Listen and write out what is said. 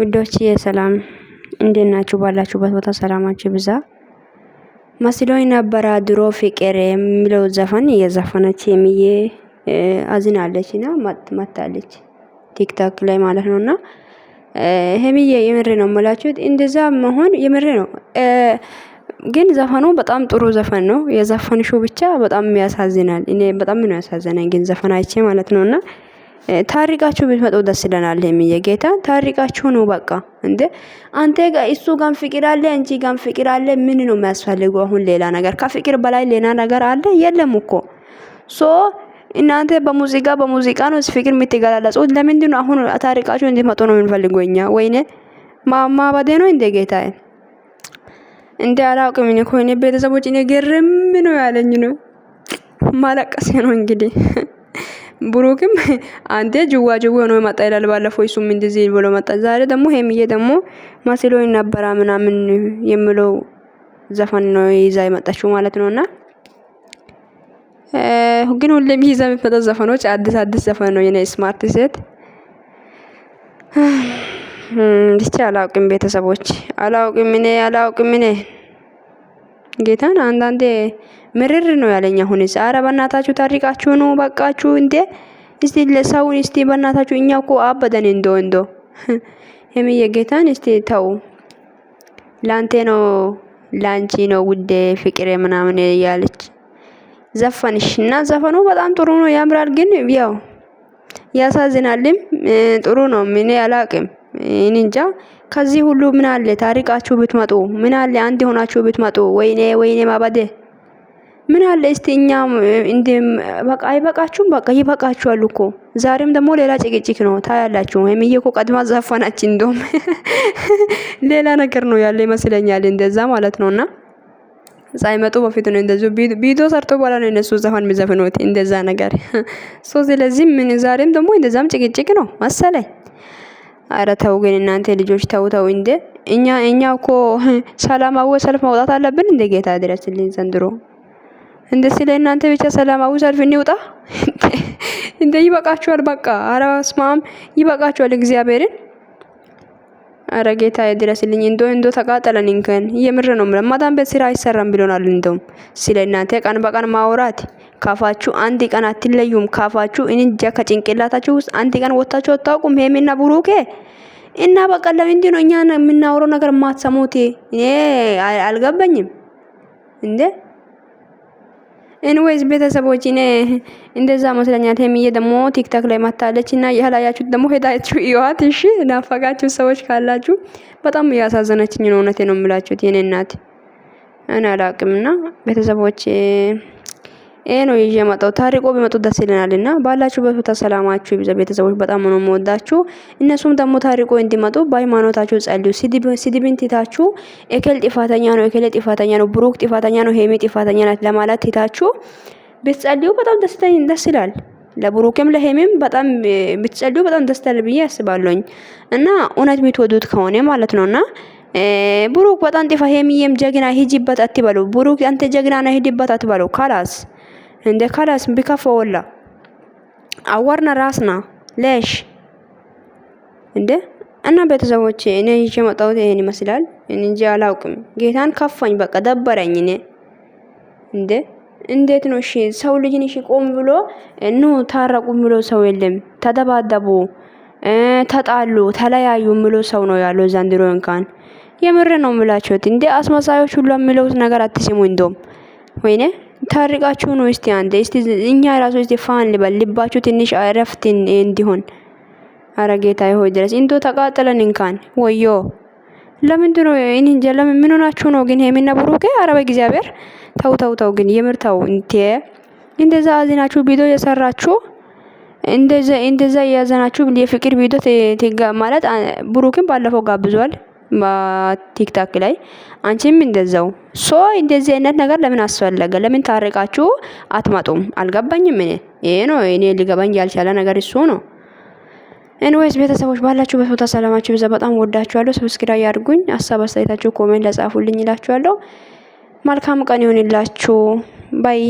ውዶች የሰላም እንዴት ናችሁ? ባላችሁበት ቦታ ሰላማችሁ ብዛ። መስሎኝ ነበረ ድሮ ፍቅር የሚለው ዘፈን እየዘፈነች የሚዬ አዝናለች እና መታለች ቲክታክ ላይ ማለት ነው። እና ሀይሚዬ የምሬ ነው የምላችሁት፣ እንደዛ መሆን የምሬ ነው። ግን ዘፈኑ በጣም ጥሩ ዘፈን ነው የዘፈንሹ ብቻ በጣም ያሳዝናል። እኔ በጣም ነው ያሳዘነኝ ግን ዘፈናቼ ማለት ነውና ታሪቃችሁ ብትመጡ ደስ ይለናል። የሚየ ጌታ ታሪቃችሁ ነው በቃ። እንደ አንተ ጋር እሱ ጋር ፍቅር አለ፣ አንቺ ጋር ፍቅር አለ። ምን ነው የሚያስፈልገው አሁን? ሌላ ነገር ከፍቅር በላይ ሌላ ነገር አለ? የለም እኮ ሶ እናንተ በሙዚቃ በሙዚቃ ነው ፍቅር የምትገላለጹት። ለምንድን ነው አሁን ታሪቃችሁ እንድትመጡ ነው የምንፈልገው እኛ? ወይኔ ባዴ ነው እንደ ጌታ እንደ አላውቅም። እኔ እኮ እኔ ቤተሰቦች እኔ ግርም ነው ያለኝ ነው ማለቀሴ ነው እንግዲህ ብሩክም አንዴ ጅዋ ጅዋ ነው መጣ ይላል። ባለፈው እሱም እንደዚህ ብሎ መጣ። ዛሬ ደግሞ ሄምዬ ደግሞ መስሎኝ ነበረ ምናምን የምለው ዘፈን ነው ይዛ የመጣችው ማለት ነውና ግን ሁሌም ይዛ የሚፈጠ ዘፈኖች አዲስ አዲስ ዘፈን ነው የኔ ስማርት ሴት። ብቻ አላውቅም፣ ቤተሰቦች አላውቅም፣ እኔ አላውቅም። እኔ ጌታን አንዳንዴ ምርር ነው ያለኝ። አሁንስ ኧረ በእናታችሁ ታሪቃችሁ ነው በቃችሁ እንዴ! እስቲ ለሰውን እስቲ በእናታችሁ እኛ እኮ አበደን እንዶ እንዶ የሚየ የጌታን እስቲ ተው። ላንቴ ነው ላንቺ ነው ውዴ ፍቅሬ ምናምን እያለች ዘፈንሽ እና ዘፈኑ በጣም ጥሩ ነው ያምራል። ግን ያው ያሳዝናልም። ጥሩ ነው ምን ያላቅም እንጃ ከዚህ ሁሉ ምን አለ ታሪቃችሁ ብትመጡ፣ ምን አለ አንድ ሆናችሁ ብትመጡ። ወይኔ ወይኔ ማባዴ ምን አለ እስቲ እኛ እንዴም በቃ አይበቃችሁም? በቃ ይበቃችኋል እኮ ዛሬም ደግሞ ሌላ ጭቅጭቅ ነው ታያላችሁ። ወይም እኮ ቀድማ ዘፈናችን እንደውም ሌላ ነገር ነው ያለ ይመስለኛል እንደዛ ማለት ነውና ሳይመጡ በፊት ነው እንደዚ ቪዲዮ ሰርቶ በኋላ ነው እነሱ ዘፈን የሚዘፍኑት እንደዛ ነገር ሶ ስለዚህ ምን ዛሬም ደግሞ እንደዛም ጭቅጭቅ ነው መሰለኝ። አረ ተው ግን እናንተ ልጆች ተው ተው እንዴ! እኛ እኛ እኮ ሰላማዊ ሰልፍ መውጣት አለብን እንደ ጌታ ድረስልን ዘንድሮ እንደዚህ ላይ እናንተ ብቻ ሰላማዊ ሰልፍ እንውጣ እንደ ይበቃችኋል። በቃ አረ በስመ አብ ይበቃችኋል። እግዚአብሔርን አረ ጌታ ድረስልኝ። እንዶ እንዶ ተቃጠለን እንከን የምር ነው ምለ ማዳን ቤት ስራ አይሰራም ብሎናል። እንደውም ስለ እናንተ ቀን በቀን ማውራት ካፋችሁ አንድ ቀን አትለዩም። ካፋችሁ እንጃ ከጭንቅላታችሁ ውስጥ አንድ ቀን ወታችሁ አታውቁም። ሄሜና ብሩኬ እና በቃ ለምንድን ነው እኛ የምናወራው ነገር ማትሰሙት? እኔ አልገባኝም እንዴ ኤንዌይዝ ቤተሰቦች እኔ እንደዛ መስለኛል። ሄሚዬ ደግሞ ቲክቶክ ላይ ማታለች እና ያላያችሁ ደግሞ ሄዳችሁ ይዋት። እሺ። ናፈቃችሁ ሰዎች ካላችሁ በጣም እያሳዘነችኝ ነው። እውነቴ ነው የምላችሁት የኔ እናት። እኔ አላቅምና ቤተሰቦች ይሄ ነው ይዤ የመጣው። ታሪቆ ቢመጡ ደስ ይለናል እና ባላችሁበት ቦታ ሰላማችሁ ይብዛ። ቤተሰቦች በጣም ነው የምወዳችሁ። እነሱም ደግሞ ታሪቆ እንዲመጡ በሃይማኖታችሁ ጸልዩ። ሲድብን ትታችሁ ኤኬል ጥፋተኛ ነው፣ ኤኬል ጥፋተኛ ነው፣ ብሩክ ጥፋተኛ ነው፣ ሄሜ ጥፋተኛ ናት ለማለት ትታችሁ ብትጸልዩ በጣም ደስ ይላል። ለብሩክም ለሄሜም በጣም ብትጸልዩ በጣም ደስ ይላል ብዬ አስባለሁኝ እና እውነት የምትወዱት ከሆነ ማለት ነውና ብሩክ በጣም ጥፋ ሄሚዬም ጀግና ሂጂበት አትበሉ። ብሩክ አንተ ጀግና ነህ ሂድበት አትበሉ ካላስ እንደ ካላስ bika foolla አዋርና ራስና ለሽ እንደ እና ቤተሰቦች እኔ ይዤ መጣሁት ይሄን ይመስላል። እንጂ አላውቅም። ጌታን ከፋኝ፣ በቃ ደበረኝ። እኔ እንደ እንዴት ነው እሺ፣ ሰው ልጅን እሺ፣ ቆም ብሎ እኑ ታረቁ ብሎ ሰው የለም። ተደባደቡ፣ ተጣሉ፣ ተለያዩ ብሎ ሰው ነው ያለው ዘንድሮ። እንኳን የምር ነው ምላችሁት እንደ አስመሳዮች ሁሉ የሚለውት ነገር አትስሙ። እንደውም ወይኔ ታሪቃችሁ ነው። እስቲ አንዴ እስቲ እኛ ራሱ እስቲ ፋን ልበል ልባችሁ ትንሽ እረፍት እንዲሆን። አረ ጌታ ሆይ ድረስ እንዶ ተቃጠለን እንካን ወዮ ለምንድን ነው እኔ እንጃ። ለምን ምን ሆናችሁ ነው ግን ሄሚና ብሩኬ? አረ በእግዚአብሔር ተው ተው ተው። ግን የምር ተው እንቴ እንደዛ አዝናችሁ ቪዲዮ የሰራችሁ እንደዛ እንደዛ ያዘናችሁ የፍቅር ቪዲዮ ማለት ብሩክን ባለፈው ጋብዟል። በቲክታክ ላይ አንቺም እንደዛው ሶ እንደዚህ አይነት ነገር ለምን አስፈለገ? ለምን ታረቃችሁ አትመጡም? አልገባኝም። እኔ ይሄ ነው እኔ ሊገባኝ ያልቻለ ነገር እሱ ነው። ኤንዌይስ ቤተሰቦች ባላችሁ በፎታ ሰላማችሁ ብዛ። በጣም ወዳችኋለሁ። ሰብስክራይብ ያድርጉኝ። ሀሳብ አስተያየታችሁ ኮሜንት ለጻፉልኝ ይላችኋለሁ። መልካም ቀን ይሁንላችሁ። ባይ